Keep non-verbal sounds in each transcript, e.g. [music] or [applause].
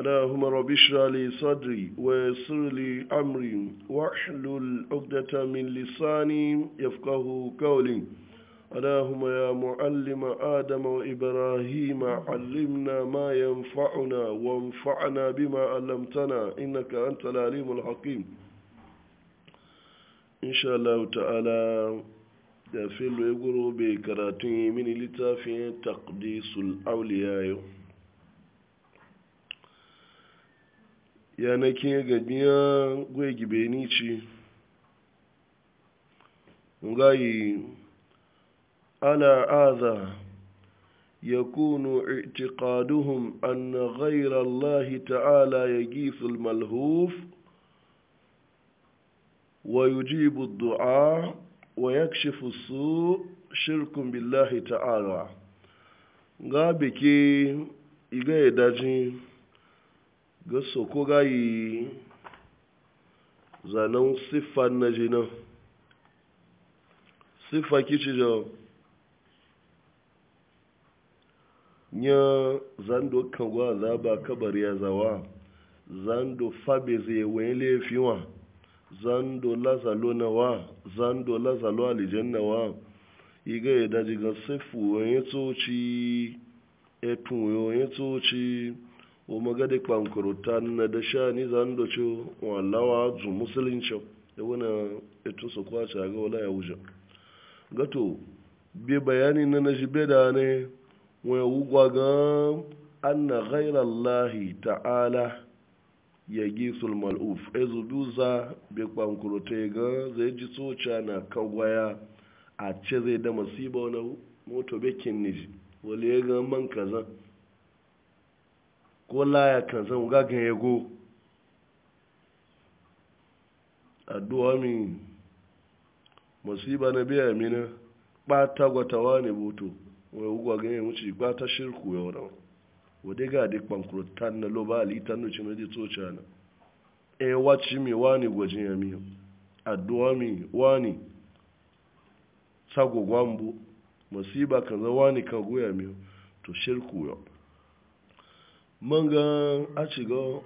اللهم رب اشرح لي صدري ويسر لي امري واحلل عقدة من لساني يفقه قولي اللهم يا معلم ادم وابراهيم علمنا ما ينفعنا وانفعنا بما علمتنا انك انت العليم الحكيم ان شاء الله تعالى يا filo ya guro من karatun تقديس الاولياء yanakin ya gabi ya gwe gibe ni ci ngayi ala aza yakunu itikaduhun anna ghayra Allah ta'ala ya al-malhuf wa yujibu dua wa yakshifu kashi su shirkun billahi ta'ala ga biki iga dajin ga soko gayi zanen siffa na jina siffa kici da ya zando kagwa zaba kabar ya zawa zando fabe zai wani laifiwa zando lazalo na wa zando lazalo alijan na wa iga ya daji ga siffu wani tsoci etun wani tsoci oma ga kwankuru ta na da sha ni za ni doce wallawa zu musulunci da wani etu su kwace ga wala ya wuce gato bi bayani na na jibe da ne wani wugwa ga an na ghairallahi ta'ala ya gi mal'uf ezu duza bi kwankuru ta ga zai ji tsoca na kagwaya a ce zai da masiba wani moto bekin niji wale ya ga man kaza ko laya kan zan gagan ya go addu'a mi musiba na biya ta ɓata wa ne boto wai ugwa ganye wuce ɓata shirku ya wa wadda ga di kwankurtan na loba alitan da cimar da tsoca na e wacce mi wani gwajin ya mi addu'a mi wani tsagogwambo musiba kan wa wani kan goya mi to shirku yau manga a ciga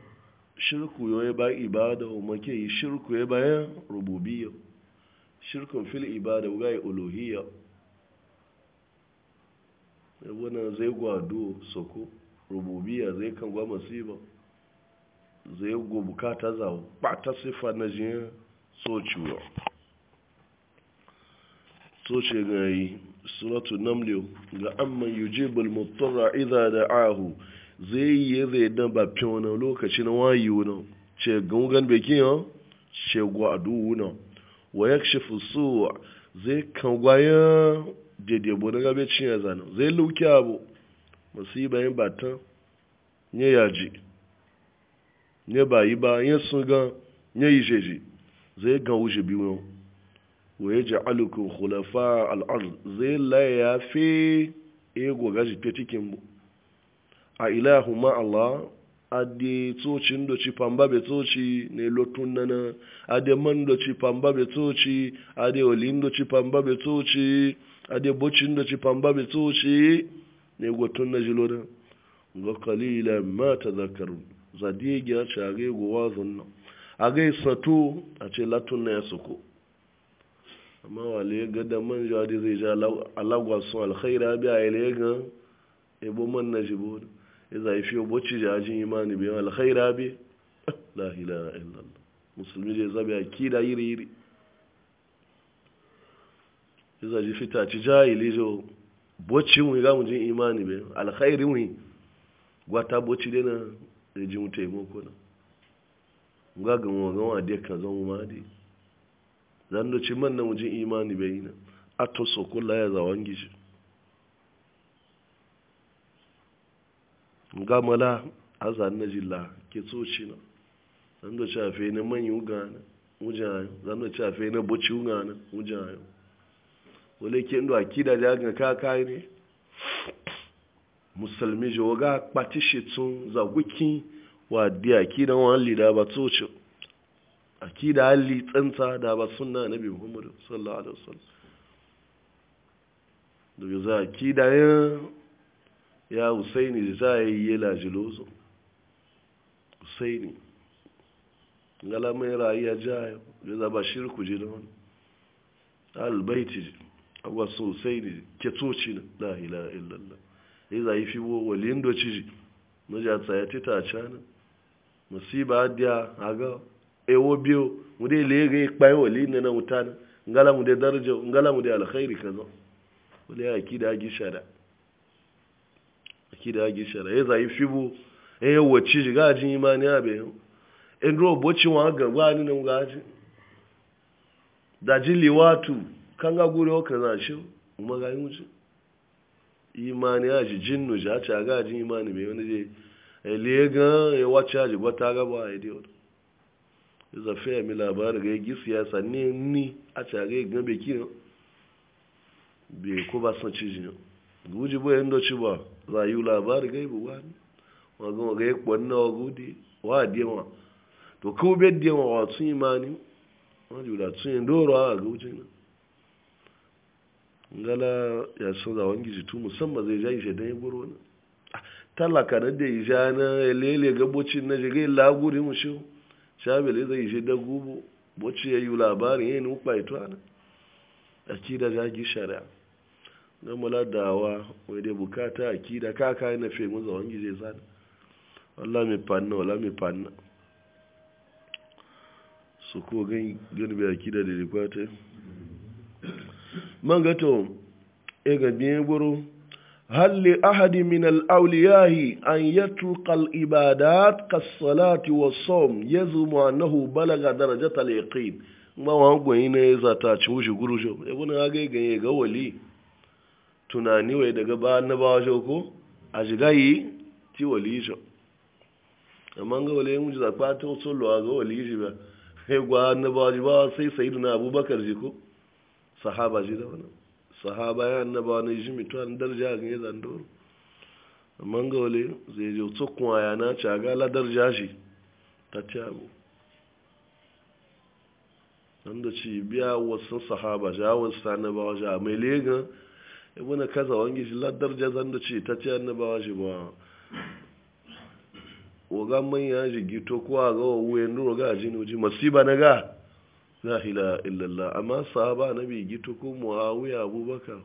shirku yoye ba ibada make yi shirku ya bayan rububiyya shirkun fil ibada ga ya wannan zai gwado soko rububiyya zai kan gwa masiba zai go bukata zawo ba sifa na jin so ciwo so ce ga yi suratu namliyo ga amman yujibul mutarra idza ahu zai yi zai dan ba fi wani lokaci na wayi wani ce gungan bikin yan ce gwadu wuna wa ya shi fusu zai kan gwaya daidai bu na gabe cin ya zana zai lauki abu masu yi bayan batan ya yaji ya bayi ba ya sun ga ya yi jeji zai ga wuce biyu wa ya ji alukun hulafa al'ar zai laya fi ego gaji ta cikin mu a ilahu ma Allah ade tsoci da ci pamba be tsoci ne lotun nana ade man da ci pamba be tsoci ade olin da ci pamba be tsoci ade bocin da ci pamba be tsoci ne gotun na jilona ga kalila ma zakaru. zadigi a ce age gowa zunna age sato a ce latun na ya suko amma wale ga da man jadi zai ja alagwasun alkhaira bi a ile ga ebo man na jibona إذا يفيو bocci da ajin imani bai wal khaira bi [laughs] la ilaha illallah musulmi da zabi yiri yiri za ji fita ci jahili jo bocci mu imani gwata bocci da na da ji mu gama na ga ga mu ga kan zan ma mu imani bai na ato ya zawangi shi gamala a zanen jilla ke tsoci na zan da shafe na manyan gana wujayen zan da shafe na buci gana wujayen wale ke ndo akida da ga kaka ne musulmi ji waga shi tun zagwiki wa di akida wa alli da ba tsoci akida hali tsanta da ba suna na nabi muhammadu sallallahu alaihi wasallam yi za akida yin ya husaini za a yi yela jilozo husaini galamai rayuwa jayo ya zaba shirku ji da wani albaiti ji agwa su husaini ketoci na lahila illallah ya za yi fi wa lindoci ji na ja ya tita a cana musiba adiya ga ewo biyo mu dai lege wa walin na mutane ngala mu dai daraja ngala mu dai alkhairi kaza wala ya akida gishara akida shara ya zai fibu ya wacce jiga jin imani bayan in ruwa boci wa gaba ni nan gaji da jili watu kan ga gure o kaza shi kuma ga yi wuce imani ya ji jinnu ja ta ga jin imani be wani je ele ya e wacce ji gwata gaba e ya zafi ya mi labarin ga gi siyasa ni ni a a ga ga be kiran bai ko ba san cijin guji bayan da ci ba za yi labari gaibu ba ne wa waga yi kwanna wa gudi wa diyama to kawo bai diyama wa tun yi mani wani jula tun yi doro a gauci na ngala ya san za wani tu musamman zai ja ishe don ya goro na ah, talaka na da isha na lele ga bocin na shiga laguri mu shi le zai ishe da gubo bocci ya yi labarin ya yi nukwa ito akida ja shari'a na muladawa wani dai bukata a ki da kaka yana fe mun zawon gije sani wala mai fanna wala mai fanna su ko gan gan bai ki da dai kwata man gato e ga ya guru hal li ahad min al an yatruka al ibadat ka salati wa ya yazmu annahu balaga darajata al yaqin ma wa goyi ne zata ci wushi gurujo e buna ga ga ga wali tunani wai daga ba na ba wajen ko a shiga yi ti walijo amma ga wale mu za kwa ta wasu lowa ga walijo ba sai gwa na ba wajen ba sai sayidu na abubakar ji ko sahaba ji da wani sahaba ya na ba wani ji mito an darja ga ya zandoro amma ga wale zai je wasu kuma ya na caga la darja shi ta ci abu wanda ci biya wasu sahaba ja wasu na ba wajen mai legan ibn kaza wange shi ladar jazan da ce ta ce annabawa shi ba wa waga ya ji gito ko a ga wuyan duro ga ji waje masiba na ga la ila allah amma sahaba nabi gito ko muawiya abubakar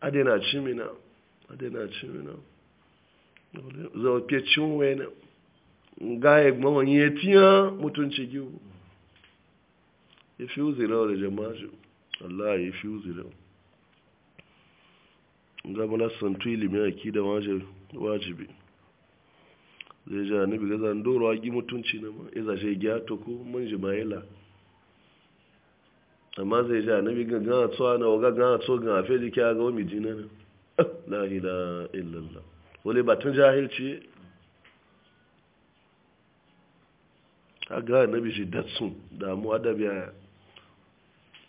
adena cimina adena cimina zawo ke cin wena ga ya gbawan ya tiya mutunci gihu ya fi uzira wa da jama'a Allah ya fi uzira wa gamana santu ilimin akida wajibi zai ja nabi ga zan doro agi mutunci na ma iza shi gya to ko mun ji mayela amma zai ja nabi ga gana tso na waga gana tso ga fe ji kya ga wani jina na [laughs] la ilaha illallah wale batun jahilci ga nabi shi datsun damu adabiya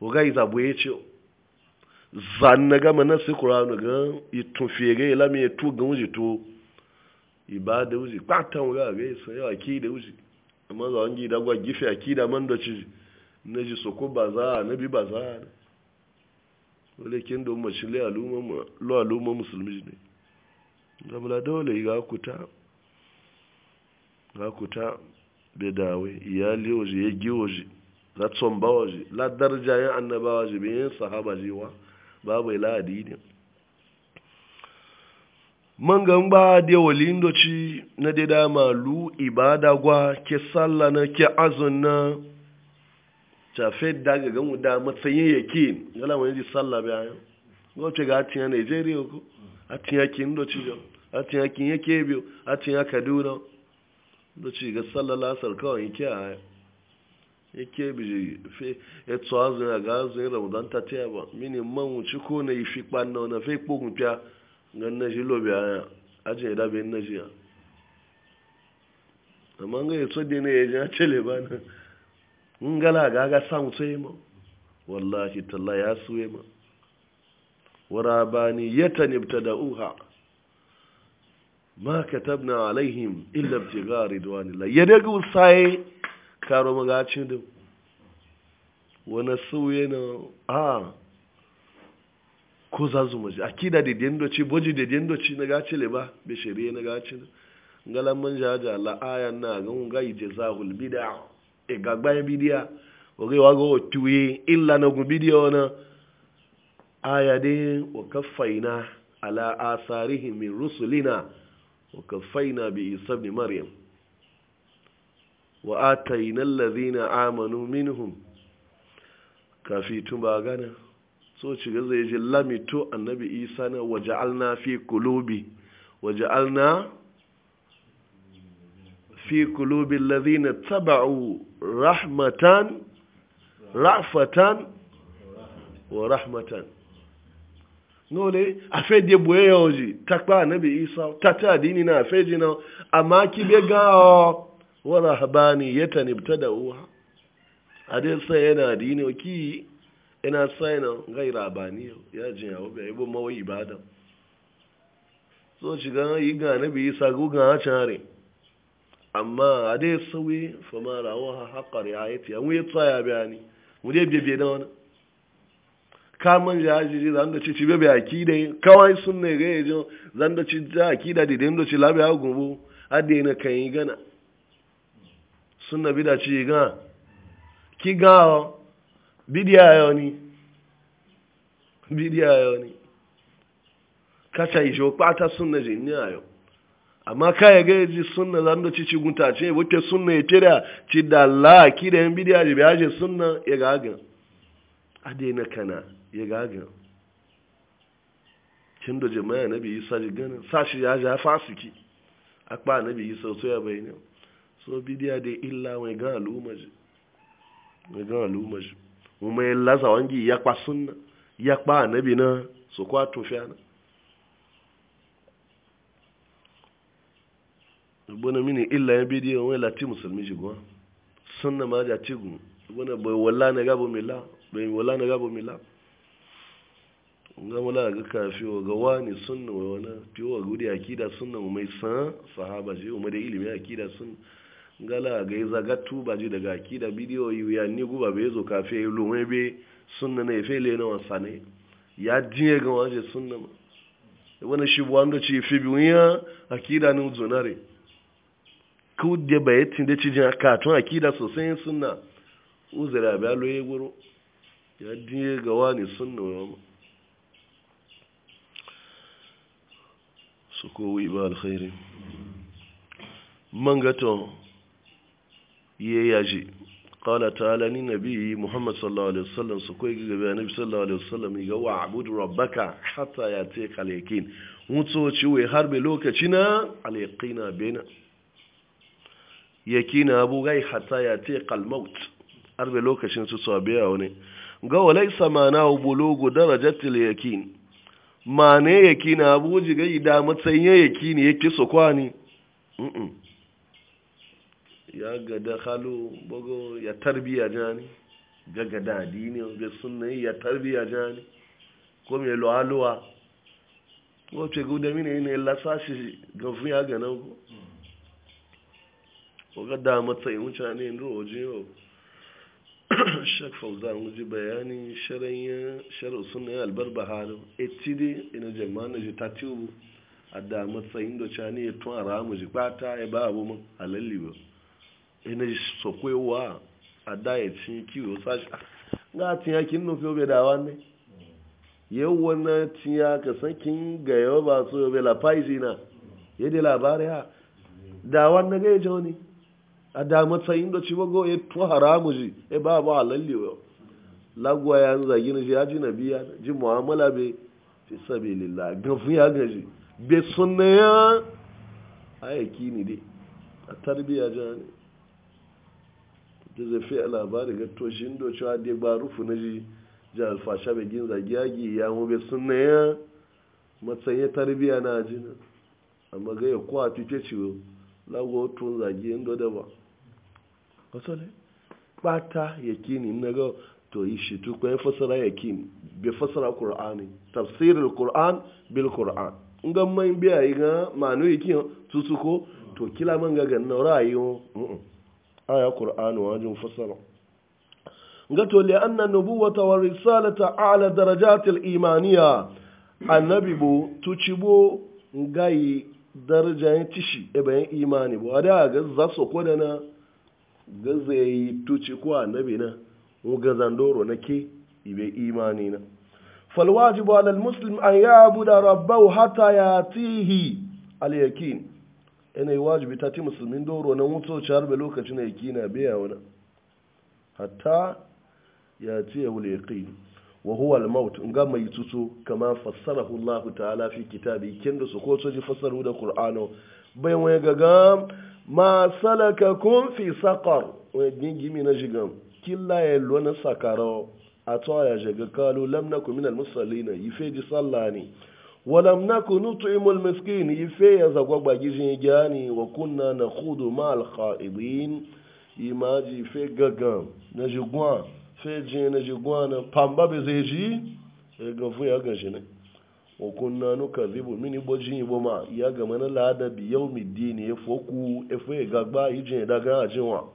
ogai zabu ya ce zan na gama na su qur'an ga itun fere lami ya tu ga wuji to ibada wuji kwata wuga ga so ya ki da wuji amma za wangi da gwa gife a ki da man da ci na ji soko ko baza na bi walakin za na shi le aluma mu lo aluma musulmi ne zabula dole ga kuta ga kuta bai dawe iyali waje ya gi latson bawaji la jayen yin annabawa ji bin sahaba jiwa babu ila adini mangan ba da walindo doci na da malu lu ibada gwa ke sallah na ke azun na tafe daga gan da matsayin yake gala wani ji sallah bayan gwace ga atiya nigeria ko atiya kin doci ci jo atiya kin yake biyo atiya kaduna doci ga sallah lasar kawai yake a yake biji fe eto azu na ga azu ira mudan dan tatia ba mini man mu ci ko na ifi panna na fe ko mu pya ngan na ji lobe aya aje da be na ji amma ga eto de ne ya chele ba na ngala ga ga san sai mu wallahi talla ya suye ma warabani da uha ma katabna alaihim illa ibtigha ridwanillah yadegu sai karo magacin da wani suye na a ko za su maji a kida da dindoci boji da dindoci na gaci le ba bai shari'a na gaci na galan man jaja la'ayan na gan gai jazahul bid'a e gagbayan bidiya oge wa go tuye illa na gu bidiya wana aya de wa kaffaina ala asarihi min rusulina wa kaffaina bi isa ibn maryam wa atayna allazina amanu minhum kafi tun ba gana so ci ga zai ji lamito annabi isa na waja'alna fi kulubi waja'alna fi kulubi allazina taba'u rahmatan ra'fatan wa rahmatan nole de boye oji takpa annabi isa tata dini na afeje na amma ki be ga o wa rahabaniyatan ibtada'uha ade sai yana dini ki ina saina gai rabaniyo ya jin yawo bai bo mawai ibada so shiga yi ga nabi isa gugan hacare amma ade sawi fa ma rawaha haqqa riayati an wi tsaya bayani mu dai bebe da wani kamun jajiri zan da ci ci bebe akidai kawai sunne ga yajo zan da ci akida didin da ci labiya gubu ade na kan yi gana suna bida ci gan ki gan bidiya yau ni bidiya yau ni kacha shi pata suna ji ni ayo amma ka ya gaya ji suna zan da cici gunta ce wuce suna ya tira ci da la ki da yan bidiya ji biya je suna ya gagan ade na kana ya gagan kin da jama'a nabi isa ji ganin sashi ya ja fasiki akpa nabi isa so ya bayyana so bidiya da illa mai gan al'umma ji mai gan al'umma ji mu mai laza wangi ya kwa sunna ya kwa annabi na so kwa tofiya na ibuna mini illa ya bidiya wani lati musulmi ji gwa sunna ma ja tigun ibuna bai wala na gabo mila bai wala na gabo mila nga mula ga kafi wa ga wani sunna wa wani fiye wa gudi akida sunna mai san sahaba ji wa da ilimi akida sunna gala ga iza gattu ba ji daga ki da bidiyo yi ya ni guba bai zo kafe yi lumai be sunna na efe le na wasa ne ya jiye ga waje sunna ma wani shi wanda ci fi biyu akida ni zonare ku de ba tin da ci jin akatun akida sosai sunna uzura ba lo ye guru ya jiye ga wani sunna ma su ko wi ba alkhairi mangato ye yaji ta halani na biyu muhammadu sallallahu alaihi wasallam su koyi gaba biyu sallallahu alaihi wasallam ga wa abudu rabbaka hata ya ce kalekin mutu ciwe har be lokaci na alaikina bena yaki na abu gai hata ya ce kalmaut har bai lokacin su sabiya wani ga walaysa mana bulugu darajatil ne yaki na abu ji ga ida matsayin yakini yake su kwani ya ga da halu bugu ya tarbiya jani ga ga da ga sunna ya tarbiya jani ko me lo aluwa ko ce guda mine ne la sashi ga fu ya ga nan ko ko ga da matsayin mutane ne roje yo fauza fauzan ji bayani sharanya sharu sunna albarbahalu etidi ina jama'a ta tatibu a da matsayin da cani ya tun a ramu jikata ya ba abu mun halalli ba ina so kwewa a daya cin kiwo sashi ga tiya kin nufi obe da wani yau wani tiya ka san kin ga yawa ba so yobe la faisi na ya de labari ha da wani ga yaje wani a da matsayin da cibago ya tu haramu ji e ba ba halalli lagwa ya zagi na ji a ji na biya ji mu'amala bai fi sabi lillah gafi ya gaji bai sunna ya ayyaki ne dai a tarbiyya jani da fi a labari ga toshin docewa da ba rufu na ji jihar fasha bai gin zagiyagi ya mube bai sunna ya matsayin tarbiya na jina amma ga ya kwa fice ciwo lago tun zagi indo da ba wasu ne bata yakini na ga to yi shi tukwa ya fasara yakini bai fasara kur'ani tafsirin kur'an bil kur'an in ga mai biya yi ga manu yakin tusuko to kila man ga ganna ra'ayi aya qur'anu wajin fasara gato li anna nubuwata wa risalata ala darajatil imaniya annabi bo tucibo ngai darajayin tishi ebayin imani bo ada ga za so koda na ga zai tuci ko annabi na ga zandoro na ke ibe imani na ya على المسلم أن يعبد ربه tihi يأتيه اليقين yana yi wajibi ta ti musulmin doro na mutu ciyar bai lokaci na yaki na biya wani hatta ya ce ya wule yaki wa huwa al-maut in ga mai tutu kama fassara-hullahu ta'ala fi kitabi kin da su ko ji fassaru da kur'ano bayan wani gaga ma salaka kun fi sakar wani gingimi na jigan killa ya na sakaro a to ya jaga kalu lamna nakum min al-musallina sallah sallani walam naku nut'imu al-miskin ife ya zagwa bagijin gani wa kunna nakhudu ma al-kha'idin imaji fe gagan na jigwa fe je na jigwa na pamba be zeji e gafu ya gashi ne wa kunna nukazibu min boji bo ma ya ga mana lada bi yawmi dini e foku daga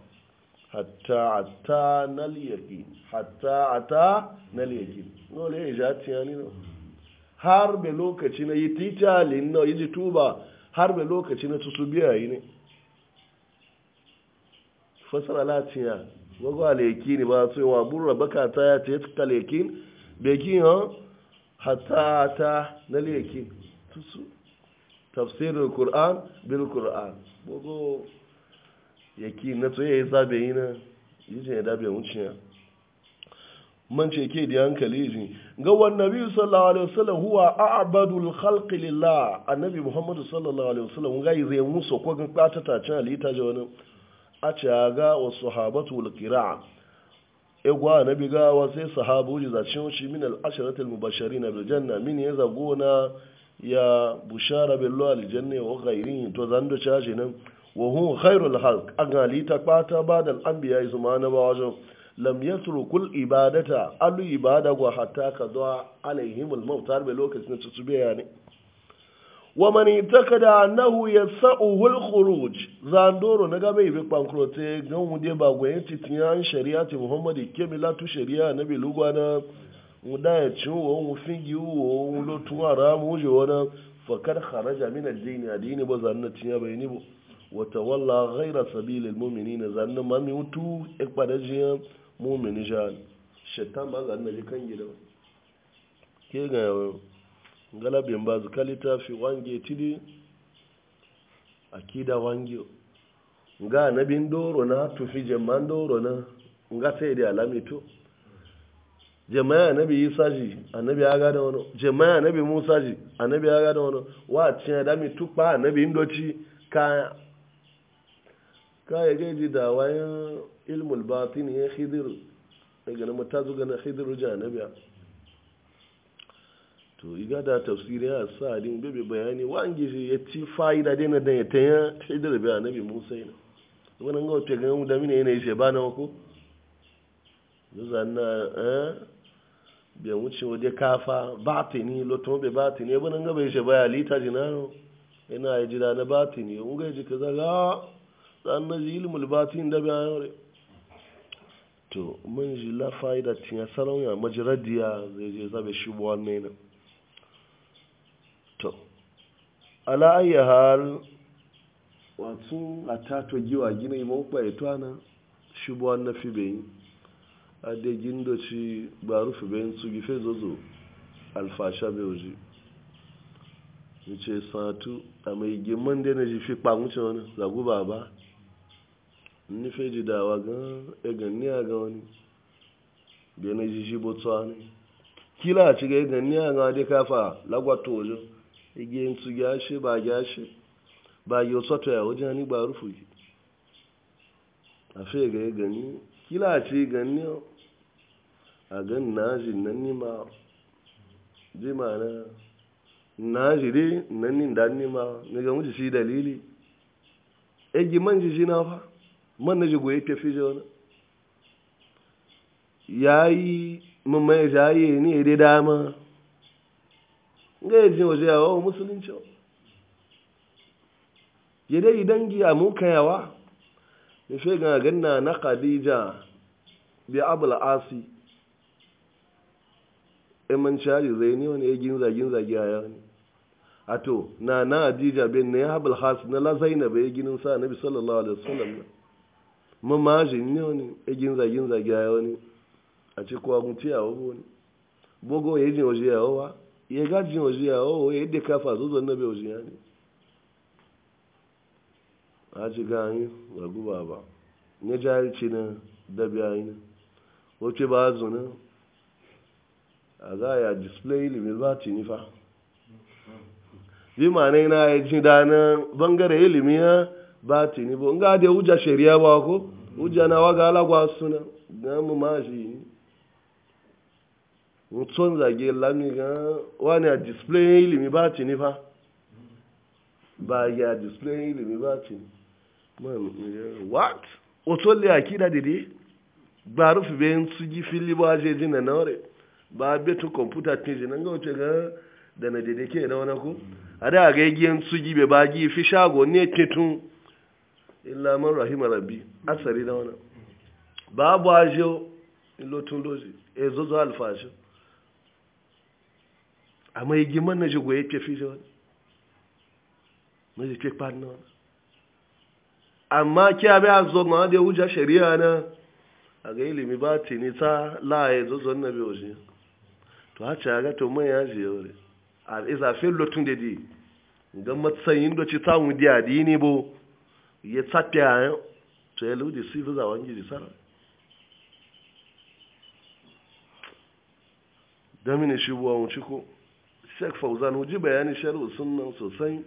har be lokaci na yi tita linna yi tuba har be lokaci na tusu biya yi ne fasara latiya wago aleki ne ba su wa burra baka ta ya ce ta lekin bekin ha hata ta na lekin tusu tafsirin kur'an bil kur'an wago yaki na to yayi zabe yi na yi je dabe be wuciya man ce ke da hankali ji ga wannabi sallallahu alaihi wasallam huwa a'badul khalqi lillah annabi muhammad sallallahu alaihi wasallam ga yi zai musu ko ga katata cin alita je wani a ce wa sahabatu al qira'a e gwa annabi sai sahabu ji zacin shi min al asharatil mubashirin bil janna min ya zagona ya bushara bil al janna wa ghairin to zan do caje nan wa hum khairul khalq an alita kwata ba da al anbiya zuma na ba wajen lam kul ibadata alu ibada gwa hatta ka alaihim alaihimul maut bai be lokacin su su biya ne wa man itakada annahu yasahu al-khuruj zandoro naga bai be pankrote gan wude ba gwaye titiyan shari'ati muhammadi kemila tu shari'a nabi lugwana muda ya ci wo fin gi wo mu lo ara mu je wona fakar kharaja min al din adini ba zanna tiya bai bo wa tawalla ghayra sabilil mu'minina zanna mami mutu ikpadajiya mumini jan shaitan ma zan naji kan gida ke ga galabin ba kalita fi wange tidi kida wange ga nabin doro na tufi jamman doro na ga sai da alami to jama'a annabi isa ji annabi aga da wani jama'a annabi musa ji annabi aga da wani wa cin da mi tukpa annabi indoci ka kaya ji da wayan ilmul batin ya khidir daga na mata zuga na khidir janabiya to iga da tafsiri ya sa din bebe bayani wa an gishi ya ci fa'ida dai na da ya tanya khidir biya nabi musa ina wannan ga wata ganin da mine yana ishe ba na wako zanna eh biya wuce waje kafa batini lotun bai batini ya bunan ga bai ishe ba ya lita jinano yana ya jira na batini ya ga ji kaza ga ah! sannan ji ilmul batin da bayan yore to mun ji la fa'ida tin ya sarauya majradiya zai je zabe shi bu wannan ne to ala ayi hal wato tato giwa gina imo kwa etwana shi bu wannan fi bayin ade gindo ci ba rufe bayin su gife zozo alfasha bai ni ce satu a mai gimman da na ji fi kpamuce wani zagu ba ba nnife ji dawa gan egan ni a wani biya na kila a ciga egan ni a ga wani kafa lagwato igi yin su gyashe ba gyashe ba yi wasu ta yawo jihani ba rufu yi a fe ga egan ni kila a ci gan e ni a gan na ji ma ji ma na ma e na man na jigo ya tafi da wani ya yi mamaye jaye ne dai dama ga ya jin waje yawa musulunci ya dai dangi a muka yawa ya fi ga ganna na khadija bi abul asi ya e man shari e zai ne wani ya ginza ginza giya ne a to na na adija bin na ya abul has na la zainab ya e ginin sa nabi sallallahu alaihi wasallam mamajin ne wani egin zagin zagi ya wani a ce kowa gun fiya wa wani bogo ya jin ni yawo wa ya ga jin waje yawo wa yadda kafa zo na bai waje ne a ga guba ba ne jahilci na dabi a wace ba zo na a zùn ya display ilimin ba ci bá bi ma bí màá na ya ji da na bangare ilimin batini bo nga de uja sheria wako uja na waga ala kwa suna gamu maji mutsonza zage lami ga wani a display ilimi batini fa ba ya display ilimi batini what otole akida dede ba rufi be su fili ba je dina na ba ba to computer tinji nan ga wace ga da na dede ke na wana ko a da ga yi giyan su ji be ba gi fi shago ne tetun illa man rahima rabbi asari na wani babu ajo ilotun dozi e zozo alfashi amma yi giman na jigo ya kefi da wani na jike kpan na wani amma ki abi a zo ma da wuja shari'a na a ga ilimi ba tini ta la'ayi zozo na bi oji to ha ce ga to mai ji yore a isa e fi lotun da di ga matsayin doci ta mu di adini bo ya tsafiya yayin to ya ludi sifi zawon gidi sana damini shi buwa mu ko, sheik fauzan huji bayani shari'u sunan sosai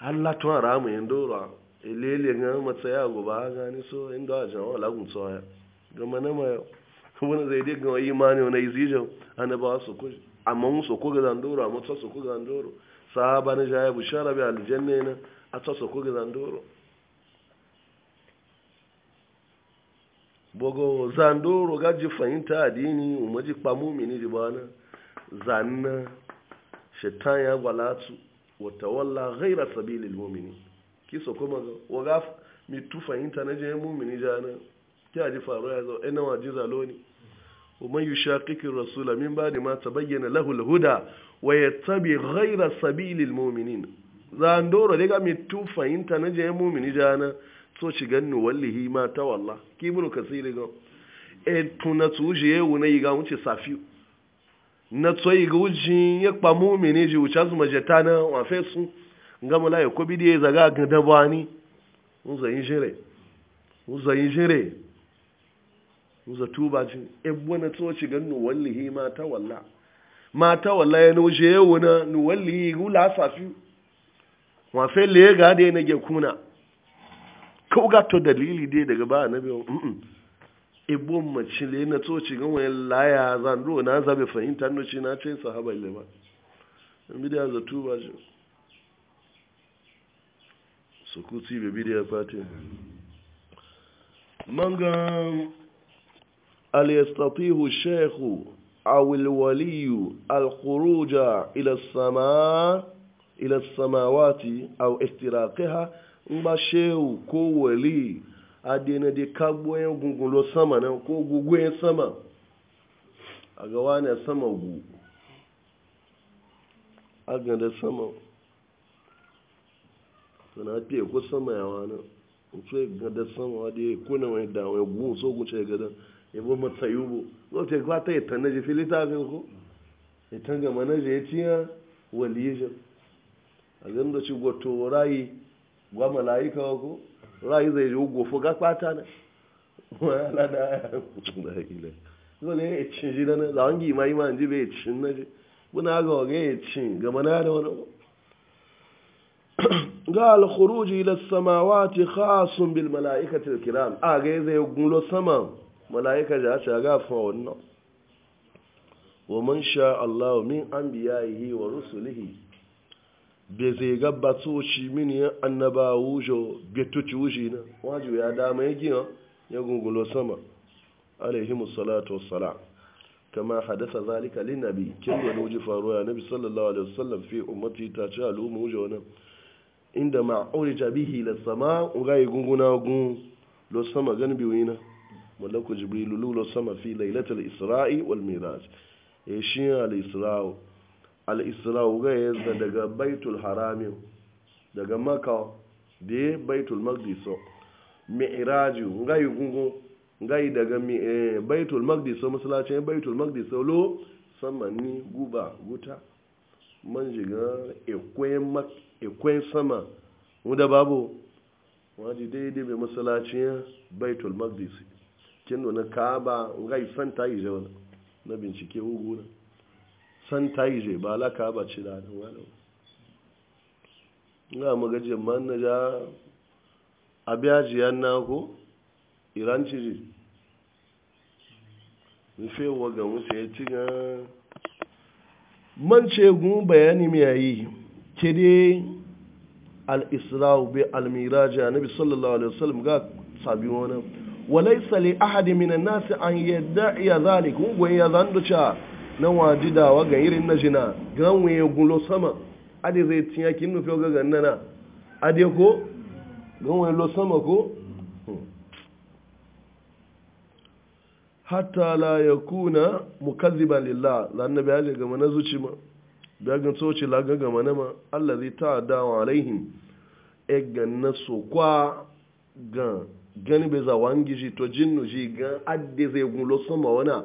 hallatun haramu yin dora ilele ga matsaya gobe ha gani so inda a jama'a lagun tsawaya gama na mai wani zai dai gama imani wani izijin annabawa su kuji amma musu kuga zandoro amma su kuga zandoro sahaba na jaya bushara bi aljanna na a tsoso ko zandoro bogo zandoro ji fahimta adini umaji kpamu mini di bana zanna shaitan ya gwalatu wata walla ghaira sabilil mu'mini kiso kuma waga mi tu fahimta na je mu'mini jana ki ji faru ya zo ina eh, waji zaloni ومن يشاقق الرسول من bayyana ما تبين wa ya ويتبع غير سبيل المؤمنين zandoro daga mai tufahinta na jayen mumini jana so ci ganni wallahi ma ta walla ki ka kasiri ga e tuna tuje wuna yi ga wuce safi na tsoyi ga wuce ya kpa mumini ji wuce azuma jeta na wafe su nga mula ya kobi da ya zaga ga dabani uzo yin jire uzo yin jire uzo tuba ji e bwana to ci ganni wallahi ma ta walla ma ta walla ya nuje yewu na nuwalli gula safi wafe le ga da yana kuna kau ga to dalili dai daga ba na biyu ibo mace le na ci ga wani laya zan ro na zabe fahimta no ci na ce sahaba le ba in bidiya za tuba ji su ci be bidiya fatin manga al yastatihu shaykhu aw al waliyu al khuruja ila as-samaa ila samawati au istiraqiha ngba shehu ko wali adena de kagbo yen sama na ko gugu yen sama aga wane sama gu sama ko sama ya wani mutu ga da sama e wadi e e ya na wani da wani so ce gadan ya bo mata yubo ko te kwata ya tanaji filita ko ya tanga manaje ya tiya waliyajin a zan da ci goto rayi gwa malaika wa ko rayi zai ji gofo ga kwata na wala da da ile zo ne ya cin shi na za yi ma ima ji bai cin na ji buna ga wage ya cin ga mana da wani ga al-khuruj ila samawati khasun bil malaikati al-kiram a ga zai gulo sama malaika ja ta ga fa wannan wa man sha Allah min anbiya'ihi wa rusulihi bai zai gaba shi mini annaba wujo betuci wuji na wajo ya dama ya gina ya gungulo sama alaihimu salatu wassalam kama hadasa zalika lin nabi kin da wuji faruwa nabi sallallahu alaihi wasallam fi ummati ta ci al'umma wujo na inda ma urija bihi la sama ga gunguna gun lo sama gan biwina mallaku jibril lo sama fi lailatul isra'i wal miraj e shi al isra'u al'isra'u ga yanzu daga baitul haramin daga maka da baitul magdiso mi'iraju ngayi gungu ngayi daga eh, baitul magdiso masalacin baitul magdiso lo samanni guba guta man jiga ikwai sama wadda babu waji daidai mai masalacin baitul magdiso kin nuna ka ba ngayi santa yi zaune na bincike na. san ta yi zai ba laka ba ci da hannun wani ga magajin man na ja abiyajiyar na ko iran ciri nufe waga mutu ya ci ga man ce gun bayani mai yayi ke dai al-isra'u bi al-miraji annabi sallallahu alaihi wasallam ga sabi wani walaisa li ahadi minan nasi an yadda iya zalikun gwaye ya zanduca na waji dawa ga irin na jina ganwe gulo sama ade zai tinya kin nufi ganna na ade ko ganwe lo sama ko hmm. hatta la ya yakuna mukazziban lillah la annabi ya ga na zuci ma da ga soci la ga ga mana ma allazi ta'ada a ra'ihin. e ganna so kwa gan gani bai za wangi shi to jinnu ji gan adi zai gulo sama wana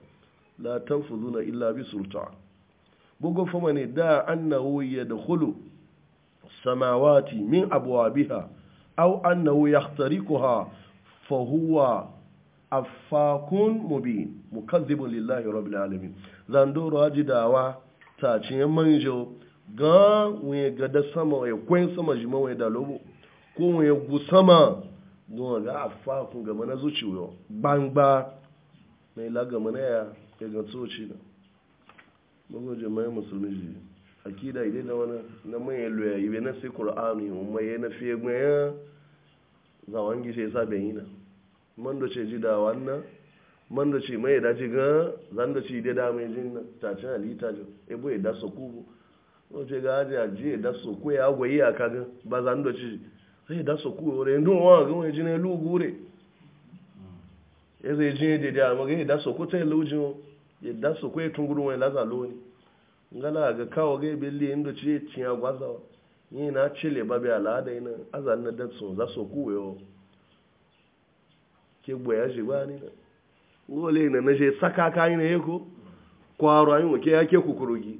la tanfuzuna illa bi sultan bugun fama ne da annahu yadkhulu samawati min abwabiha aw annahu yakhtariquha fa huwa afakun mubin mukazzibun lillahi rabbil alamin zandoro ajidawa ta ce manjo ga wuye ga da sama ya kwen sama jima wuye da lobo ko wuye gu sama don ga afakun ga mana zuciyo gbangba mai la ya ya ga tsoci na magoje mai musulmi ji akida idai da wani na mai loya ibe na sai qur'ani mun mai na fiye mai zawan gi sai sa bayin na man do ce ji da wannan man do ce mai da ji ga zan do ce da mai jin na ta ci alita jo e boye da so ga o a ji aje aje da so ku ya goyi aka ga ba zan do ce sai da so ku ore ndo wa ga mai jin ne lugure eze jin de da ma ga da so ku ta lujin yadda su kwaye tun gudun lazalo ne ngala ga kawo ga ibe liye inda ce ya gwaza yi na cile babi al'ada yana azan na datsun za su kuwa yau ke gbaya shi ba ni na na na je saka kayi na yako kwaro wake ya ke kukurugi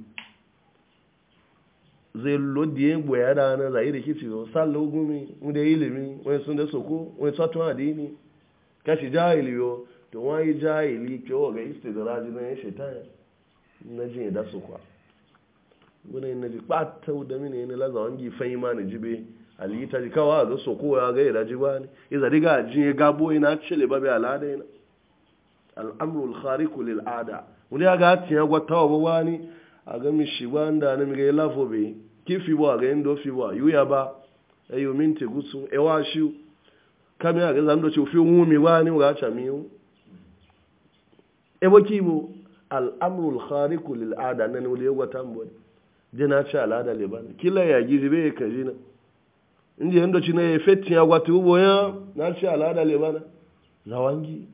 zai lodi yin gbaya da na zai da kiti yau gumi wanda ilimi wani sun da wani adini kashi yau to wani jahili kyau ga istidraji na ya shaitan na jin da su kwa wani na ji ɓata da mini yana laza wangi fahim ma na jibe alita ji a ga so ko ya ga ya daji ba ne iza riga jin ya gabo yana cile babe al'ada yana al'amrul khariku lil ada wani ya ga tiya gwatawa ba wani a ga mi shi wanda na mi ga ya lafo be kifi ba ga yin dofi ba yuya ba ayo minti gusu ewa shi a ga zan do ci fi wumi wani ga cha miyu ebo kibo al'amrul khariku lil ada nan wuli yawa tambo jina cha al'ada le bana kila ya gizi be ka jina inji yando ci na fetin ya gwatu bo ya na cha al'ada le bana zawangi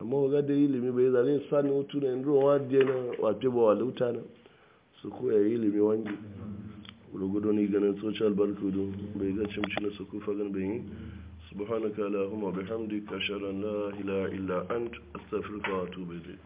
amma ga da ilimi bai zare sani hutu na yanzu wa de na wato ba waluta na su koya ilimi wangi rugudu ni ganin social barkudu bai ga cimci na su kufa gan bai yi subhanaka allahumma bihamdika ashhadu an na ilaha illa ant astaghfiruka wa atubu